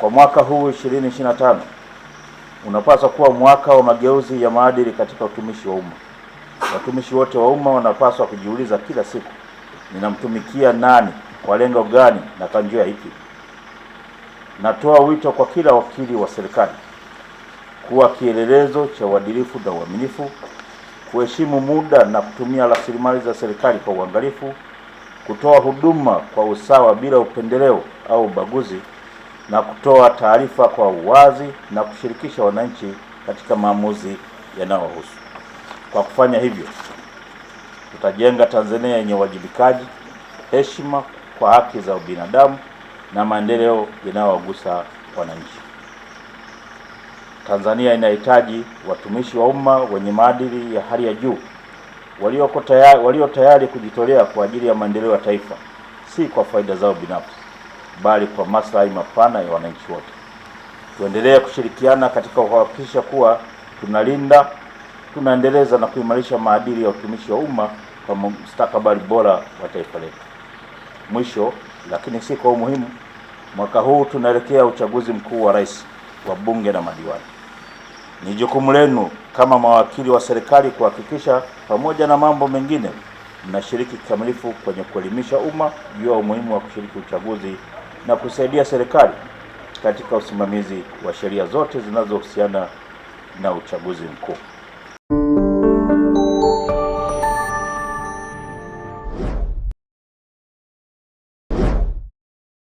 Kwa mwaka huu 2025 unapaswa kuwa mwaka wa mageuzi ya maadili katika utumishi wa umma. Watumishi wote wa umma wanapaswa kujiuliza kila siku, ninamtumikia nani, kwa lengo gani na kwa njia ipi? Natoa wito kwa kila wakili wa serikali kuwa kielelezo cha uadilifu na uaminifu, kuheshimu muda na kutumia rasilimali za serikali kwa uangalifu, kutoa huduma kwa usawa bila upendeleo au ubaguzi na kutoa taarifa kwa uwazi na kushirikisha wananchi katika maamuzi yanayohusu Kwa kufanya hivyo, tutajenga Tanzania yenye uwajibikaji, heshima kwa haki za binadamu na maendeleo yanayowagusa wananchi. Tanzania inahitaji watumishi wa umma wenye maadili ya hali ya juu walio tayari, walio tayari kujitolea kwa ajili ya maendeleo ya taifa, si kwa faida zao binafsi bali kwa maslahi mapana ya wananchi wote. Tuendelee kushirikiana katika kuhakikisha kuwa tunalinda, tunaendeleza na kuimarisha maadili ya utumishi wa umma kwa mustakabali bora wa taifa letu. Mwisho lakini si kwa umuhimu, mwaka huu tunaelekea uchaguzi mkuu wa rais, wa bunge na madiwani. Ni jukumu lenu kama mawakili wa serikali kuhakikisha, pamoja na mambo mengine, mnashiriki kikamilifu kwenye kuelimisha umma juu ya umuhimu wa kushiriki uchaguzi na kusaidia serikali katika usimamizi wa sheria zote zinazohusiana na uchaguzi mkuu.